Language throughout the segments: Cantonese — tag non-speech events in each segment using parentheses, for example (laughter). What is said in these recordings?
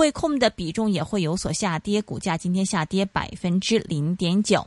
匯控的比重也會有所下跌，股價今天下跌百分之零點九。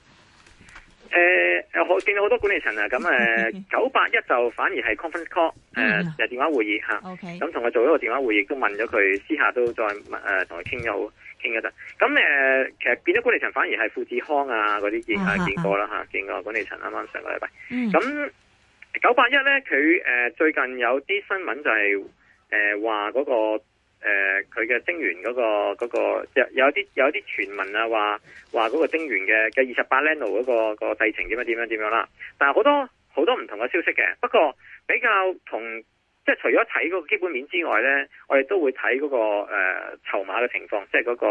誒、呃，我見到好多管理層啊，咁誒，九八一就反而係 conference call，誒、呃，就、嗯、電話會議吓，OK。咁同佢做咗個電話會議，都問咗佢，私下都再誒同佢傾咗，傾、呃、一啲。咁誒、呃，其實變咗管理層反而係富士康啊，嗰啲見啊，見過啦吓、啊，見過管理層啱啱上個禮拜。咁九八一咧，佢誒、呃、最近有啲新聞就係誒話嗰個。誒、呃，佢嘅晶圓嗰、那個嗰、那個，有有啲有啲傳聞啊，話話嗰個晶圓嘅嘅二十八呎路嗰個、那個製程點樣點樣點樣啦。但係好多好多唔同嘅消息嘅，不過比較同即係除咗睇嗰個基本面之外呢，我哋都會睇嗰、那個誒籌碼嘅情況，即係嗰、那個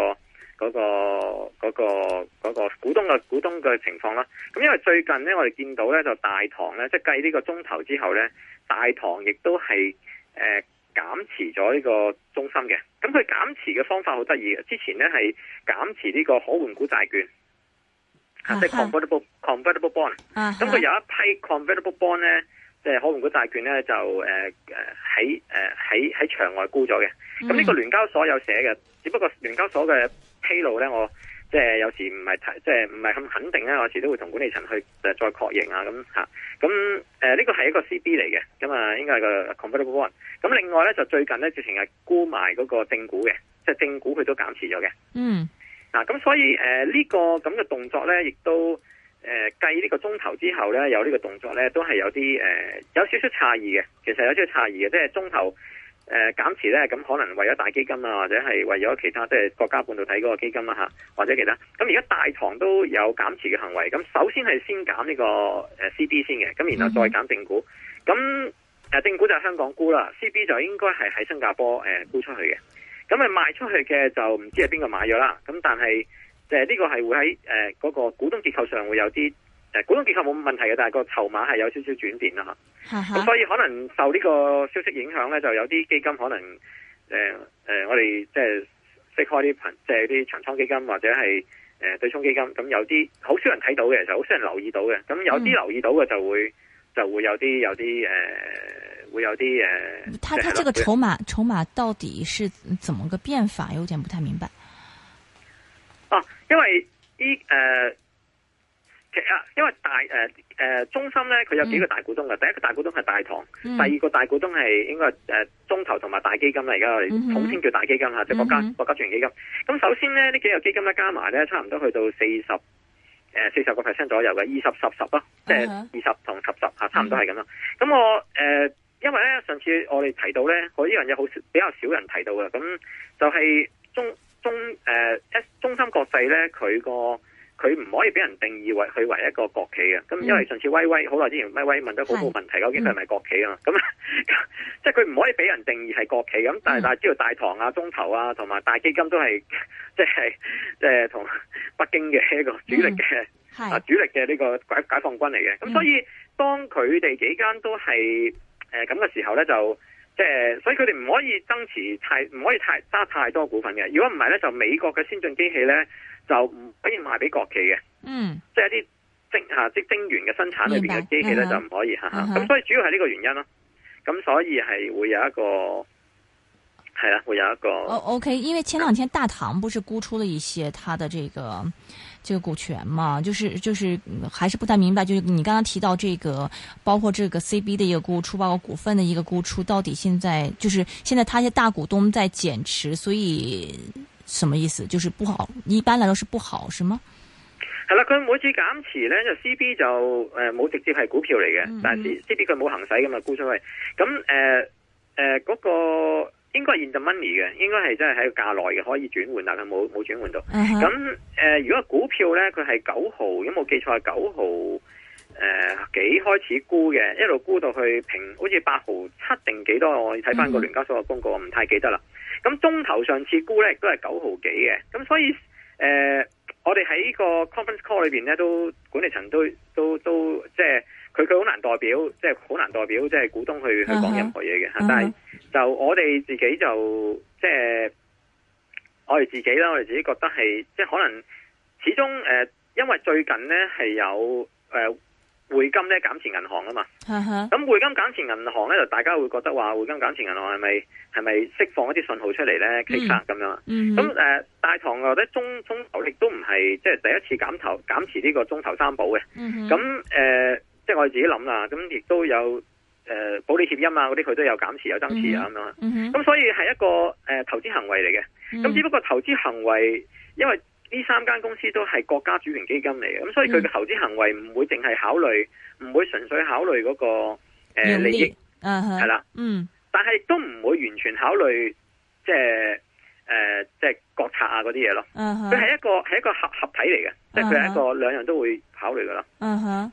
嗰、那個嗰、那個嗰、那個股東嘅股東嘅情況啦。咁因為最近呢，我哋見到呢，就大堂呢，即係計呢個鐘頭之後呢，大堂亦都係誒。呃減持咗呢個中心嘅，咁佢減持嘅方法好得意嘅。之前呢係減持呢個可換股債券，uh-huh. 即係 convertible convertible bond。uh-huh. 咁佢有一批 convertible bond 呢，即係可換股債券呢，就誒誒喺誒喺喺場外沽咗嘅。咁呢個聯交所有寫嘅，只不過聯交所嘅披露呢，我。即係有時唔係即係唔係咁肯定咧，我有時都會同管理層去再確認啊咁吓。咁誒呢個係一個 C B 嚟嘅，咁啊應該係個 Convertible Bond 咁另外咧就最近咧直情係沽埋嗰個正股嘅，即係正股佢都減持咗嘅。嗯。嗱、啊，咁所以誒呢、呃這個咁嘅動作咧，亦都誒計呢個中投之後咧有呢個動作咧，都係有啲誒、呃、有少少差異嘅。其實有少少差異嘅，即係中投誒、呃，減持咧，咁可能為咗大基金啊，或者係為咗其他，即係國家半導體嗰個基金啊吓，或者其他。咁而家大堂都有減持嘅行為。咁首先係先減呢個誒 C B 先嘅，咁然後再減正股。咁誒、呃、正股就係香港股啦，C B 就應該係喺新加坡誒、呃、沽出去嘅。咁咪賣出去嘅就唔知係邊、呃個買咗啦。咁但係誒呢個係會喺誒嗰個股東結構上會有啲。誒，股東結構冇問題嘅，但係個籌碼係有少少轉變啦吓。咁所以可能受呢個消息影響咧，就有啲基金可能誒誒、呃呃，我哋即係釋開啲即係啲長倉基金或者係誒、呃、對沖基金。咁有啲好少人睇到嘅，就好少人留意到嘅。咁有啲留意到嘅就會、嗯、就會有啲有啲誒、呃，會有啲誒、呃。他他這個籌碼籌碼到底是怎麼個變法？有點不太明白。哦、啊，因為啲誒。呃其實因為大誒誒、呃、中芯咧，佢有幾個大股東嘅、嗯。第一個大股東係大唐、嗯，第二個大股東係應該係誒中投同埋大基金啦。而家我哋統稱叫大基金吓，即、嗯、係、就是、國家、嗯、國家主權基金。咁首先咧，呢幾個基金咧加埋咧，差唔多去到四十誒四十個 percent 左右嘅，二十十十咯，即係二十同十十吓，差唔多係咁咯。咁、嗯、我誒、呃、因為咧上次我哋提到咧，我呢樣嘢好比較少人提到嘅，咁就係中中誒、呃、中芯國際咧，佢個。佢唔可以俾人定義為佢為一個國企嘅，咁因為上次威威好耐之前，威威問咗好多問題，究竟係咪國企啊？咁即係佢唔可以俾人定義係國企咁，但係、嗯、但知道大唐啊、中投啊同埋大基金都係即係即係同北京嘅一個主力嘅、嗯、啊主力嘅呢個解解放軍嚟嘅。咁、嗯、所以、嗯、當佢哋幾間都係咁嘅時候咧，就即係、呃、所以佢哋唔可以增持太唔可以太揸太多股份嘅。如果唔係咧，就美國嘅先進機器咧。就唔可以賣俾國企嘅，嗯，即係一啲精下即係晶元嘅生產裏邊嘅機器咧就唔可以吓咁、啊啊、所以主要係呢個原因咯、啊。咁所以係會有一個係啦、啊，會有一個 O，OK。哦、okay，因為前兩天大唐不是沽出了一些他的這個這個股權嘛，就是就是還是不太明白，就是你剛剛提到這個，包括這個 CB 的一個沽出，包括股份的一個沽出，到底現在就是現在他些大股東在減持，所以。什麼意思？就是不好，一般來說是不好，是嗎？係啦，佢每次減持咧，就 C B 就誒冇、呃、直接係股票嚟嘅，嗯嗯，但係 C B 佢冇行使噶嘛，沽出去。咁誒誒嗰個應該係 in the money 嘅，應該係真係喺個價內嘅，可以轉換，但係冇冇轉換到。咁、uh、誒 -huh. 嗯呃，如果股票咧，佢係九號，有冇記錯係九號。誒、呃，幾開始沽嘅，一路沽到去平，好似八毫七定幾多，我睇翻個聯交所嘅公告，我唔、mm -hmm. 太記得啦。咁中頭上次沽呢都係九毫幾嘅。咁所以，誒、呃，我哋喺個 conference call 裏邊呢，都管理層都都都，即係佢佢好難代表，即係好難代表，即係股東去去講任何嘢嘅、mm -hmm. 但係、mm -hmm. 就我哋自己就即係我哋自己啦，我哋自己覺得係，即係可能始終誒、呃，因為最近呢，係有誒。呃匯金咧減持銀行啊嘛，咁 (laughs) 匯金減持銀行咧，就大家會覺得話匯金減持銀行係咪係咪釋放一啲信號出嚟咧？其他咁樣咁誒、嗯、呃、大堂或者中中投亦都唔係即係第一次減投減持呢個中投三保嘅，咁、嗯、誒、呃、即係我自己諗啦，咁亦都有誒、呃、保利協議啊，嗰啲佢都有減持有增持啊咁啊，咁、嗯嗯、所以係一個誒、呃、投資行為嚟嘅，咁、嗯、只不過投資行為因為。呢三間公司都係國家主權基金嚟嘅，咁所以佢嘅投資行為唔會淨係考慮，唔會純粹考慮嗰、嗰個誒、呃、利益，係、啊、啦，嗯，但係都唔會完全考慮，即係誒、呃，即係國策啊嗰啲嘢咯，佢係一個係一個合合體嚟嘅、啊，即係佢係一個兩樣都會考慮噶啦。啊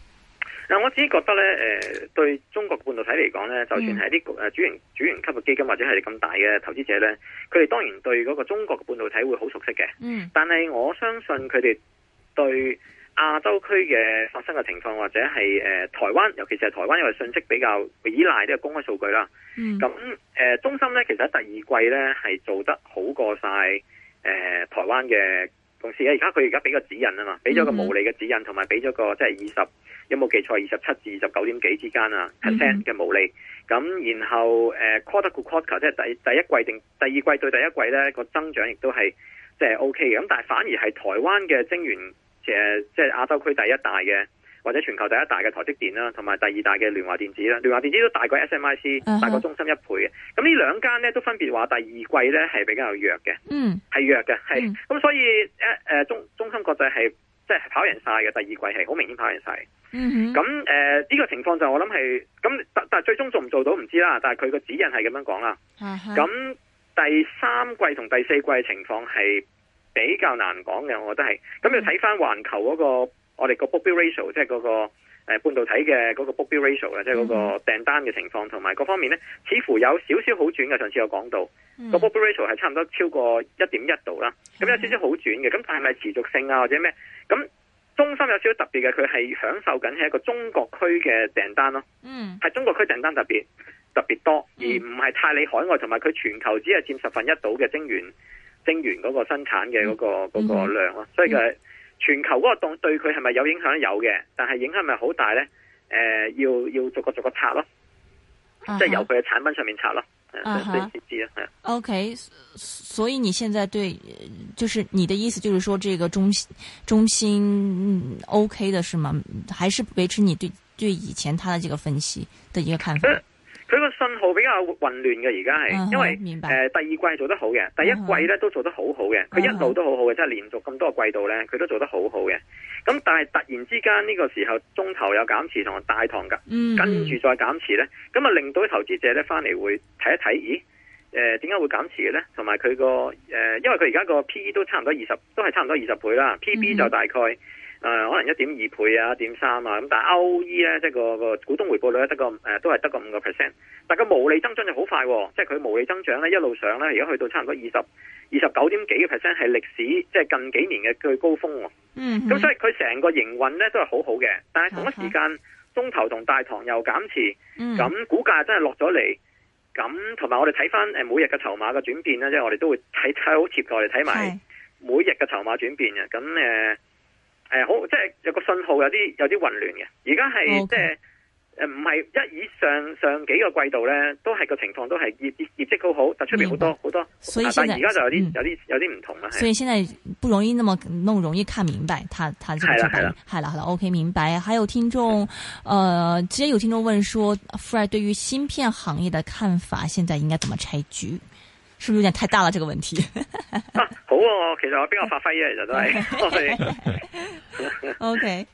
嗱，我只覺得咧，誒對中國的半導體嚟講咧，就算係啲誒主營主營級嘅基金或者係咁大嘅投資者咧，佢哋當然對嗰個中國嘅半導體會好熟悉嘅。嗯。但係我相信佢哋對亞洲區嘅發生嘅情況或者係誒、呃、台灣，尤其是係台灣，因為信息比較依賴呢個公開數據啦。咁、嗯、誒、呃，中芯咧其實喺第二季咧係做得好過晒誒、呃、台灣嘅。同時啊，而家佢而家俾個指引啊嘛，俾咗個毛利嘅指引，同埋俾咗個即係二十，就是、20, 有冇記錯？二十七至二十九點幾之間啊 percent 嘅毛利，咁、嗯、然後誒、呃、quarter to quarter 即係第一第一季定第二季對第一季咧個增長亦都係即係 OK 嘅，咁但係反而係台灣嘅晶圓即係亞洲區第一大嘅。或者全球第一大嘅台積電啦，同埋第二大嘅聯華電子啦，聯華電子都大過 SMIC，、uh -huh. 大過中芯一倍嘅。咁呢兩間呢，都分別話第二季呢係比較弱嘅，嗯、uh -huh.，係弱嘅，係。咁所以誒、呃、中中芯國際係即係跑贏晒嘅，第二季係好明顯跑贏晒。咁誒呢個情況就我諗係咁，但但係最終做唔做到唔知啦。但係佢個指引係咁樣講啦。咁、uh -huh. 第三季同第四季嘅情況係比較難講嘅，我覺得係。咁要睇翻環球嗰、那個。我哋個 book ratio，即係嗰個誒、呃、半導體嘅嗰個 book ratio 即係嗰個訂單嘅情況同埋各方面呢，似乎有少少好轉嘅。上次有講到個 book、嗯、ratio 係差唔多超過一點一度啦，咁、嗯、有少少好轉嘅。咁但係咪持續性啊，或者咩？咁中心有少少特別嘅，佢係享受緊係一個中國區嘅訂單咯。嗯，係中國區訂單特別特別多，而唔係泰利海外，同埋佢全球只係佔十分一度嘅晶圓晶圓嗰個生產嘅嗰、嗰個、嗰個量咯。所以佢全球嗰個檔對佢係咪有影響？有嘅，但係影響咪好大咧？誒、呃，要要逐個逐個拆咯，即、uh、係 -huh. 由佢嘅產品上面拆咯。Uh -huh. 嗯嗯、o、okay. K，所以你現在對，就是你的意思，就是說這個中中心、嗯、O、okay、K 的，是嗎？還是維持你對對以前他的這個分析的一個看法？ (laughs) 佢個信號比較混亂嘅，而家係，因為、uh -huh, 呃、第二季做得好嘅，第一季咧、uh -huh. 都做得好好嘅，佢一路都好好嘅，uh -huh. 即係連續咁多個季度咧，佢都做得好好嘅。咁但係突然之間呢個時候中投有減持同埋大堂㗎。跟住再減持咧，咁、嗯、啊、嗯、令到啲投資者咧翻嚟會睇一睇，咦誒點解會減持咧？同埋佢個因為佢而家個 P E 都差唔多二十，都係差唔多二十倍啦，P B 就大概。誒、呃，可能一點二倍啊，一點三啊，咁但係歐 E 咧，即、就、係、是那個、那個股東回報率得個誒，都係得個五個 percent，但係個毛利增長就好快，啊，即係佢毛利增長咧一路上咧，而家去到差唔多二十、二十九點幾嘅 percent 係歷史，即、就、係、是、近幾年嘅最高峰，啊。喎。咁所以佢成個營運咧都係好好嘅，但係同一時間，okay. 中投同大堂又減持，咁、mm -hmm. 股價真係落咗嚟，咁同埋我哋睇翻誒每日嘅籌碼嘅轉變呢，即、就、係、是、我哋都會睇睇好貼台嚟睇埋每日嘅籌碼轉變嘅，咁誒。個信號有啲有啲混亂嘅，而家係即係誒，唔係一以上上幾個季度咧，都係個情況都係業業績好好，就出面好多好多，但係，而家就有啲、嗯、有啲有啲唔同啦。所以現在不容易那麼那麼容易看明白，他他呢啲係啦係啦，OK 明白。還有聽眾，呃直接有聽眾問說 Fred 對於芯片行業的看法，現在應該怎麼拆局？是不是有點太大了這個問題？ (laughs) 啊，好啊，其實我比較發揮嘅其實都係 (laughs) (laughs) ，OK。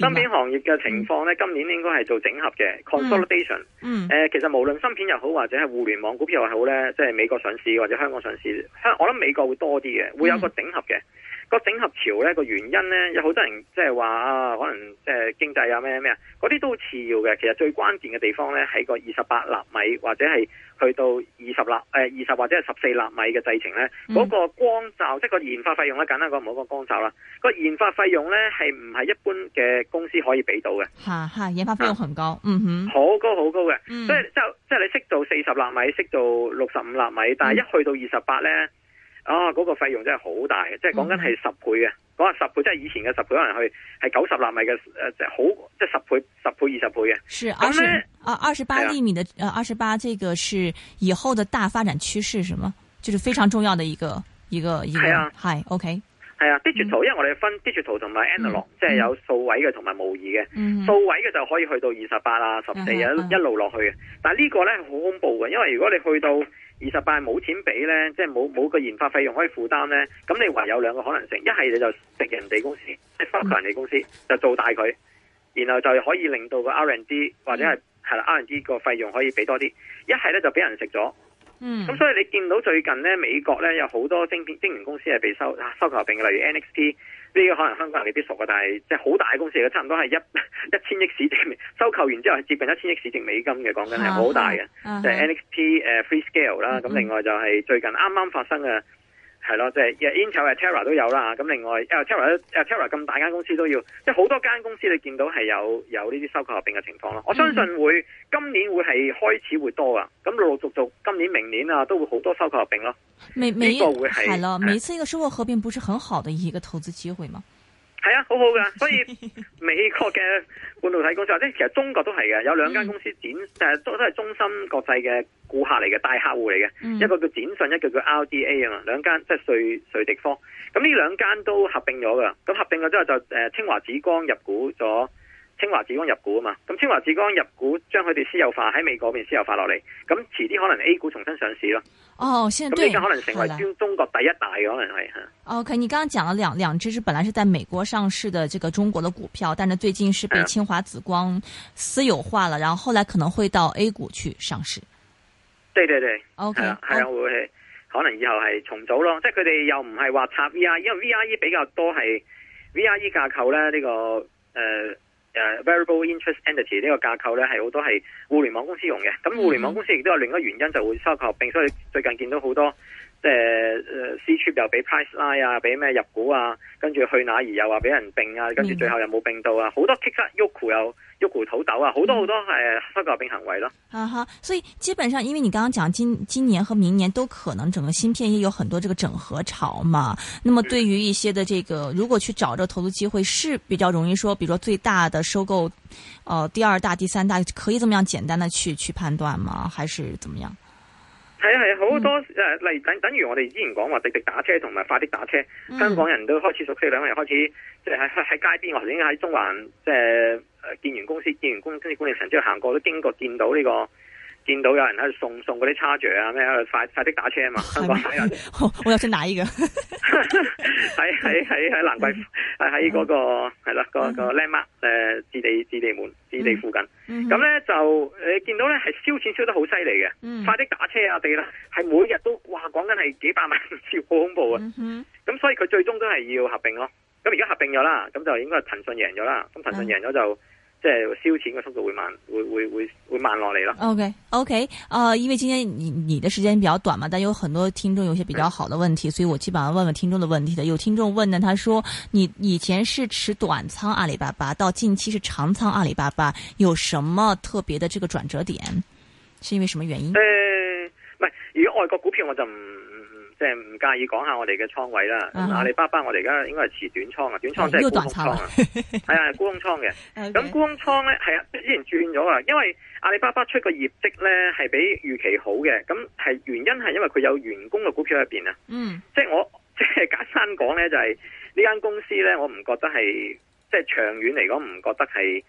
芯片行業嘅情況咧，今年應該係做整合嘅 consolidation。嗯，誒、嗯呃，其實無論芯片又好，或者係互聯網股票又好咧，即係美國上市或者香港上市，香我諗美國會多啲嘅，會有個整合嘅。嗯嗯個整合潮咧個原因咧，有好多人即係話啊，可能即係經濟啊咩咩啊，嗰啲都好次要嘅。其實最關鍵嘅地方咧，喺個二十八納米或者係去到二十納誒二十或者係十四納米嘅製程咧，嗰、那個光罩即係、嗯就是、個研發費用咧，簡單講唔好個光罩啦。那個研發費用咧係唔係一般嘅公司可以俾到嘅。吓、啊、吓研發費用好高、啊，嗯哼，好高好高嘅、嗯。所以即係即係你識做四十納米，識做六十五納米，但係一去到二十八咧。嗯呢啊、哦！嗰、那個費用真係好大，嘅、嗯，即係講緊係十倍嘅，講下、就是就是、十倍即係以前嘅十倍可能去係九十納米嘅誒，即係好即係十倍十倍二十倍嘅。是二十二二十八厘米的誒，二十八這個是以後的大發展趨勢是嗎？就是非常重要的一個、嗯、一個一個係、啊、OK。係啊，digital，因為我哋分 digital 同埋 analogue，、嗯、即係有數位嘅同埋模擬嘅。數、嗯、位嘅就可以去到二十八啊、十四啊，一路落去嘅。但係呢個咧好恐怖嘅，因為如果你去到二十八冇錢俾咧，即係冇冇個研發費用可以負擔咧，咁你唯有兩個可能性，一係你就食人哋公司，即係收人哋公司，就做大佢，然後就可以令到個 R&D 或者係係啦 R&D 個費用可以俾多啲。一係咧就俾人食咗。嗯，咁所以你見到最近咧，美國咧有好多晶片晶圓公司係被收收購並嘅，例如 NXP 呢個可能香港人未必熟嘅，但係即係好大嘅公司嚟嘅，差唔多係一一千億市值，收購完之後係接近一千億市值美金嘅，講緊係好大嘅、啊，就係、是、NXP FreeScale、呃、啦，咁、嗯、另外就係最近啱啱發生嘅。係咯，即、就、係、是、Intel、Tera 都有啦。咁另外，Tera，Tera 咁 Tera 大間公司都要，即係好多間公司你見到係有有呢啲收購合併嘅情況咯。我相信會、嗯、今年會係開始會多噶，咁陸陸續續今年、明年啊都會好多收購合併咯。呢、這個會係，係咯，每次一個收購合併不是很好的一個投資機會嗎？係啊，好好噶，所以美國嘅半導體公司，或 (laughs) 者其實中國都係嘅，有兩間公司展，誒都都係中芯國際嘅顧客嚟嘅，大客戶嚟嘅，一個叫展訊，一個叫 RDA 啊嘛，兩間即係瑞瑞迪科。咁呢兩間都合併咗噶，咁合併咗之後就誒、呃、清華紫光入股咗。清華紫光入股啊嘛，咁清華紫光入股將佢哋私有化喺美國邊私有化落嚟，咁遲啲可能 A 股重新上市咯。哦，現在呢個可能成為中中國第一大嘅可能係吓。O、okay, K，你剛剛講咗兩兩支是本來是在美國上市的這個中國的股票，但是最近是被清華紫光私有化了，啊、然後後來可能會到 A 股去上市。對對對，O K，係啊、哦、會可能以後係重組咯，即係佢哋又唔係話插 V R，因為 V R E 比較多係 V R E 架構咧呢、這個誒。呃誒、uh, variable interest entity 呢個架構咧，係好多係互聯網公司用嘅，咁互聯網公司亦都有另一個原因就會收購並，所以最近見到好多。即、呃、誒，Ctrip 又俾 price line 啊，俾咩入股啊，跟住去哪兒又話俾人併啊，嗯、跟住最後又冇併到啊，好多 Yoku 又 Yoku 土豆啊，好多好多誒不合併行為咯、嗯 (music) 。啊好，所以基本上因為你剛剛講今今年和明年都可能整個芯片業有很多這個整合潮嘛，那麼對於一些的這個如果去找着投資機會是比較容易說，比如說最大的收購，哦、呃、第二大、第三大可以這麼樣簡單的去去判斷嗎？還是怎麼樣？係啊係啊，好多誒，例如等等於我哋之前講話滴滴打車同埋快的打車，香港人都開始熟悉兩個，兩個人開始，即係喺喺街邊，我頭先喺中環，即係建源公司、建源公跟住管理層，之後行過都經過見到呢、這個。見到有人喺度送送嗰啲叉腳啊咩啊，快快啲打車啊嘛！香港人哦、 (laughs) 我有出奶嘅，喺喺喺喺蘭桂，喺喺嗰個係啦，嗰、嗯那個 Landmark 誒置地置地門置地附近。咁、嗯、咧、嗯、就誒見到咧係燒錢燒得好犀利嘅，快啲打車啊地啦！係每日都哇講緊係幾百萬次，超好恐怖啊！咁、嗯嗯、所以佢最終都係要合併咯。咁而家合併咗啦，咁就應該係騰訊贏咗啦。咁騰訊贏咗就。嗯即係燒錢嘅速度會慢，會會會會慢落嚟啦。OK OK，啊、呃，因為今天你你的時間比較短嘛，但有很多聽眾有些比較好的問題，所以我基本上問問聽眾的問題的。有聽眾問呢，他說：你以前是持短倉阿里巴巴，到近期是長倉阿里巴巴，有什麼特別的這個轉折點？是因為什麼原因？誒，唔係，如果外國股票我就唔。即係唔介意講下我哋嘅倉位啦，阿里巴巴我哋而家應該係持短倉，哎這個，啊，短倉即係空倉係啊，沽、okay. 空倉嘅。咁沽空倉咧係啊，之前，轉咗啊，因為阿里巴巴出個業績咧係比預期好嘅，咁係原因係因為佢有員工嘅股票喺入邊啊。嗯，即、就、係、是、我即係、就是、簡單講咧就係呢間公司咧，我唔覺得係即係長遠嚟講唔覺得係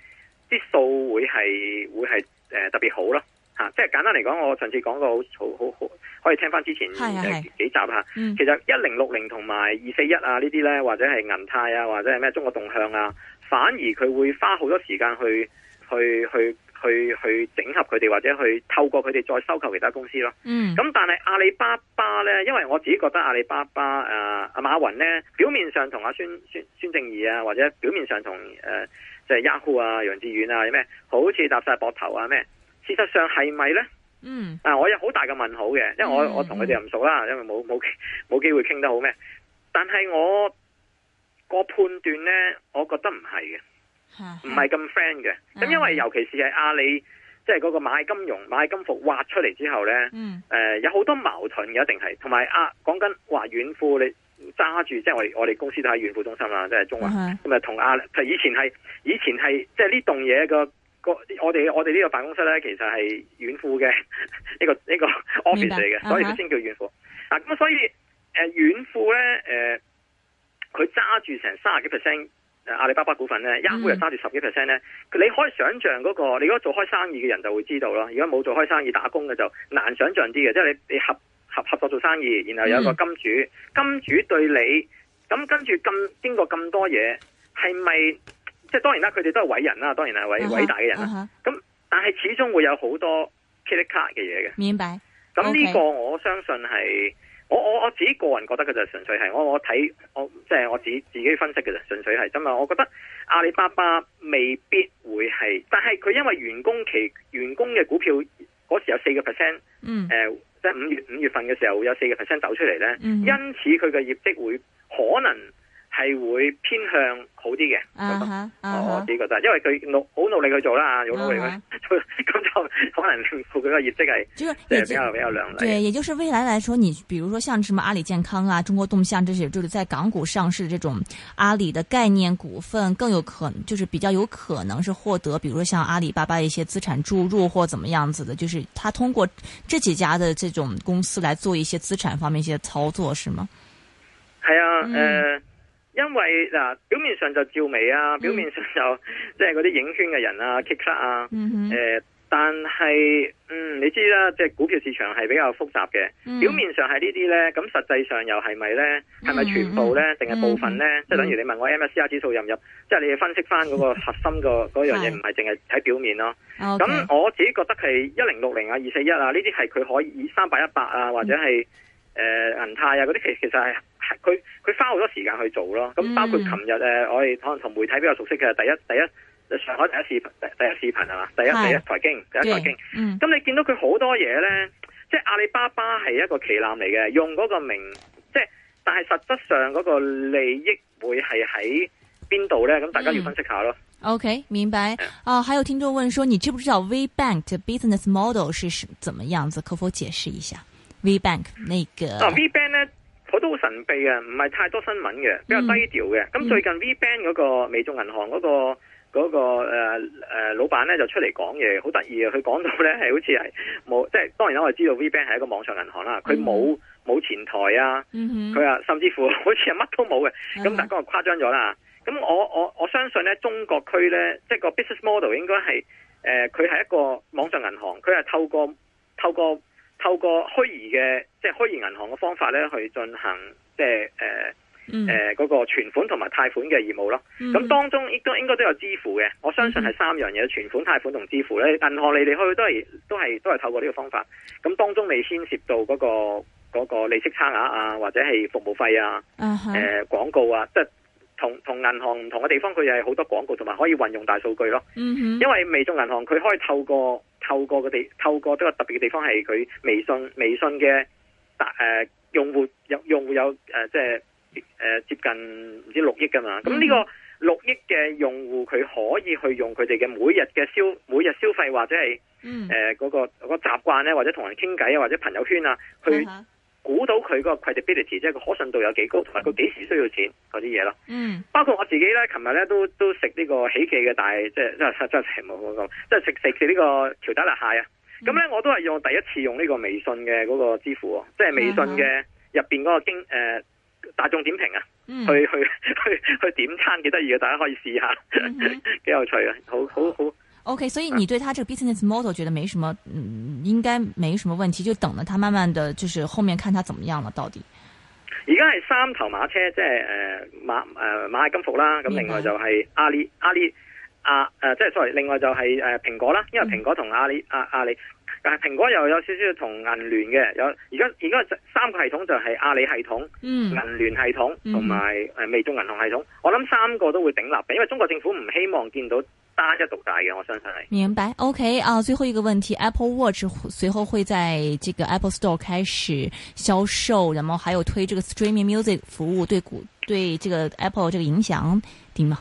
啲數會係會係誒特別好咯。吓、啊，即係簡單嚟講，我上次講過好好好好可以聽翻之前幾集吓。其實一零六零同埋二四一啊呢啲呢，或者係銀泰啊，或者係咩中國動向啊，反而佢會花好多時間去去去去去整合佢哋，或者去透過佢哋再收購其他公司咯。嗯，咁但係阿里巴巴呢，因為我自己覺得阿里巴巴誒阿、呃、馬雲呢表面上同阿孫孫正義啊，或者表面上同誒即係 Yahoo 啊楊致遠啊，有咩好似搭晒膊頭啊咩。事實上係咪呢？嗯，啊，我有好大嘅問號嘅，因為我我同佢哋唔熟啦，因為冇冇冇機會傾得好咩？但係我個判斷呢，我覺得唔係嘅，唔係咁 friend 嘅。咁、嗯、因為尤其是係阿里，即係嗰個螞蟻金融、螞蟻金服挖出嚟之後呢，嗯，呃、有好多矛盾嘅一定係。同埋阿講緊華軟庫，你揸住即係我哋我哋公司都喺軟庫中心啦，即、就、係、是、中環，咁啊同阿以前係以前係即係呢棟嘢個。就是我哋我哋呢個辦公室咧，其實係軟庫嘅呢個呢個 office 嚟嘅，所以先叫軟庫。咁、嗯啊、所以誒軟庫咧誒，佢揸住成卅幾 percent 誒阿里巴巴股份咧，Yahoo 又揸住十幾 percent 咧。你可以想象嗰、那個，你如果做開生意嘅人就會知道咯。如果冇做開生意打工嘅就難想象啲嘅，即、就、係、是、你你合合合作做生意，然後有一個金主、嗯，金主對你咁跟住咁經過咁多嘢，係咪？即係當然啦，佢哋都係偉人啦，當然係偉偉大嘅人啦。咁、uh -huh, uh -huh. 但係始終會有好多 credit card 嘅嘢嘅。明白。咁呢個我相信係、okay. 我我我自己個人覺得佢就純粹係我我睇我即係、就是、我自自己分析嘅就純粹係。咁我覺得阿里巴巴未必會係，但係佢因為員工期員工嘅股票嗰時有四個 percent，誒，即係五月五月份嘅時候有四個 percent 走出嚟咧、嗯，因此佢嘅業績會可能。係會偏向好啲嘅、uh -huh, uh -huh. 哦，我自己覺得，因為佢努好努力去做啦，有努力咁、uh -huh. 就可能佢個業績係，係比較比較亮麗。對，也就是未來來說，你比如說像什麼阿里健康啊、中國動向這些，就是在港股上市這種阿里的概念股份，更有可能，能就是比較有可能是獲得，比如說像阿里巴巴一些資產注入或怎麼樣子的，就是他通過這幾家的這種公司來做一些資產方面一些操作，是嗎？係、嗯、啊，嗯、呃。因為嗱、呃，表面上就照眉啊，表面上就即係嗰啲影圈嘅人啊，kick、mm -hmm. 啊，誒，但係，嗯，你知啦，即、就、係、是、股票市場係比較複雜嘅，mm -hmm. 表面上係呢啲呢，咁實際上又係咪呢？係咪全部呢？定、mm、係 -hmm. 部分呢？Mm -hmm. 即係等於你問我 MSCI 指數入唔入？即、就、係、是、你要分析翻嗰個核心個嗰、mm -hmm. 樣嘢，唔係淨係睇表面咯。咁、okay. 我自己覺得係一零六零啊，二四一啊，呢啲係佢可以三百一八啊，或者係誒銀泰啊嗰啲，其其實係。佢佢花好多時間去做咯，咁包括琴日誒，我哋可能同媒體比較熟悉嘅，第一第一上海第一視頻，第第一視頻係嘛，第一第一財經，第一財經。咁、嗯、你見到佢好多嘢咧，即係阿里巴巴係一個旗艦嚟嘅，用嗰個名，即係但係實質上嗰個利益會係喺邊度咧？咁大家要分析下咯、嗯。OK，明白。 (laughs) 啊，還有聽眾問說，你知唔知道 V Bank 嘅 business model 是什，怎麼樣子？可否解釋一下 V Bank 那個 V、哦、Bank 呢？唔備嘅，唔係太多新聞嘅，比較低調嘅。咁、嗯嗯、最近 WeBank 嗰個微眾銀行嗰、那個、那個誒誒、呃呃、老闆呢，就出嚟講嘢，好得意嘅。佢講到呢，係好似係冇，即係當然啦，我哋知道 WeBank 係一個網上銀行啦，佢冇冇前台啊，佢、嗯、啊、嗯，甚至乎好似係乜都冇嘅。咁大哥就誇張咗啦。咁我我我相信呢中國區呢，即、就、係、是、個 business model 應該係誒，佢、呃、係一個網上銀行，佢係透過透過。透過透過虛擬嘅即係虛擬銀行嘅方法咧，去進行即係誒誒嗰個存款同埋貸款嘅業務咯。咁、嗯、當中亦都應該都有支付嘅，我相信係三樣嘢：存、嗯、款、貸款同支付咧。銀行嚟嚟去都係都係都係透過呢個方法。咁當中未牽涉到嗰、嗰個、嗰個利息差額啊，或者係服務費啊，誒、嗯、廣、呃嗯、告啊，即係。銀同同銀行唔同嘅地方，佢又係好多廣告，同埋可以運用大數據咯。嗯哼，因為微眾銀行佢可以透過透過嘅地，透過特別嘅地方係佢微信，微信嘅大誒用戶有用戶有誒即係誒接近唔知六億噶嘛？咁呢個六億嘅用戶佢可以去用佢哋嘅每日嘅消每日消費或者係誒嗰個嗰個習慣咧，或者同、嗯呃那個那個、人傾偈啊，或者朋友圈啊去。嗯估到佢個 credibility 即係個可信度有幾高，同埋佢幾時需要錢嗰啲嘢咯。嗯，包括我自己咧，琴日咧都都食呢個喜記嘅，但係即係真真係冇咁，即係食食食呢個喬丹辣蟹啊。咁咧我都係用第一次用呢個微信嘅嗰個支付，即係微信嘅入面嗰個經、呃、大眾點評啊，去去去去點餐幾得意嘅，大家可以試下，幾有趣啊！好好好。好 O.K.，所以你對他這個 business model 覺得沒什麼，嗯，應該沒什麼問題，就等着他慢慢的，就是後面看他怎麼樣了到底。而家係三頭馬車，即係誒馬誒、呃、馬蟻金服啦，咁另外就係阿里阿里啊誒，即係 sorry，另外就係誒蘋果啦，因為蘋果同阿里阿阿里，但係蘋果又有少少同銀聯嘅，有而家而家三個系統就係阿里系統、嗯、銀聯系統同埋誒微眾銀行系統，我諗三個都會鼎立嘅，因為中國政府唔希望見到。大是獨大嘅，我相信係。明白，OK 啊，最後一個問題，Apple Watch 隨後會在這個 Apple Store 開始銷售，然後還有推這個 Streaming Music 服務，對股對這個 Apple 這個影響大嗎？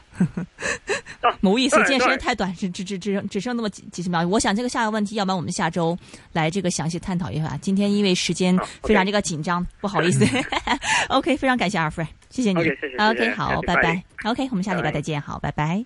不、啊、 (laughs) 意思，在時間太短，只只只剩只剩那麼幾幾秒。我想這個下個問題，要不然我們下周來這個詳細探討一下。今天因為時間非常這個緊張，啊 okay、不好意思。 (laughs) OK，非常感謝阿 Fred，啊、Fred, 謝謝你。OK，謝謝 okay 謝謝好謝謝 bye bye，拜拜。OK，我們下禮拜再見，bye. 好，拜拜。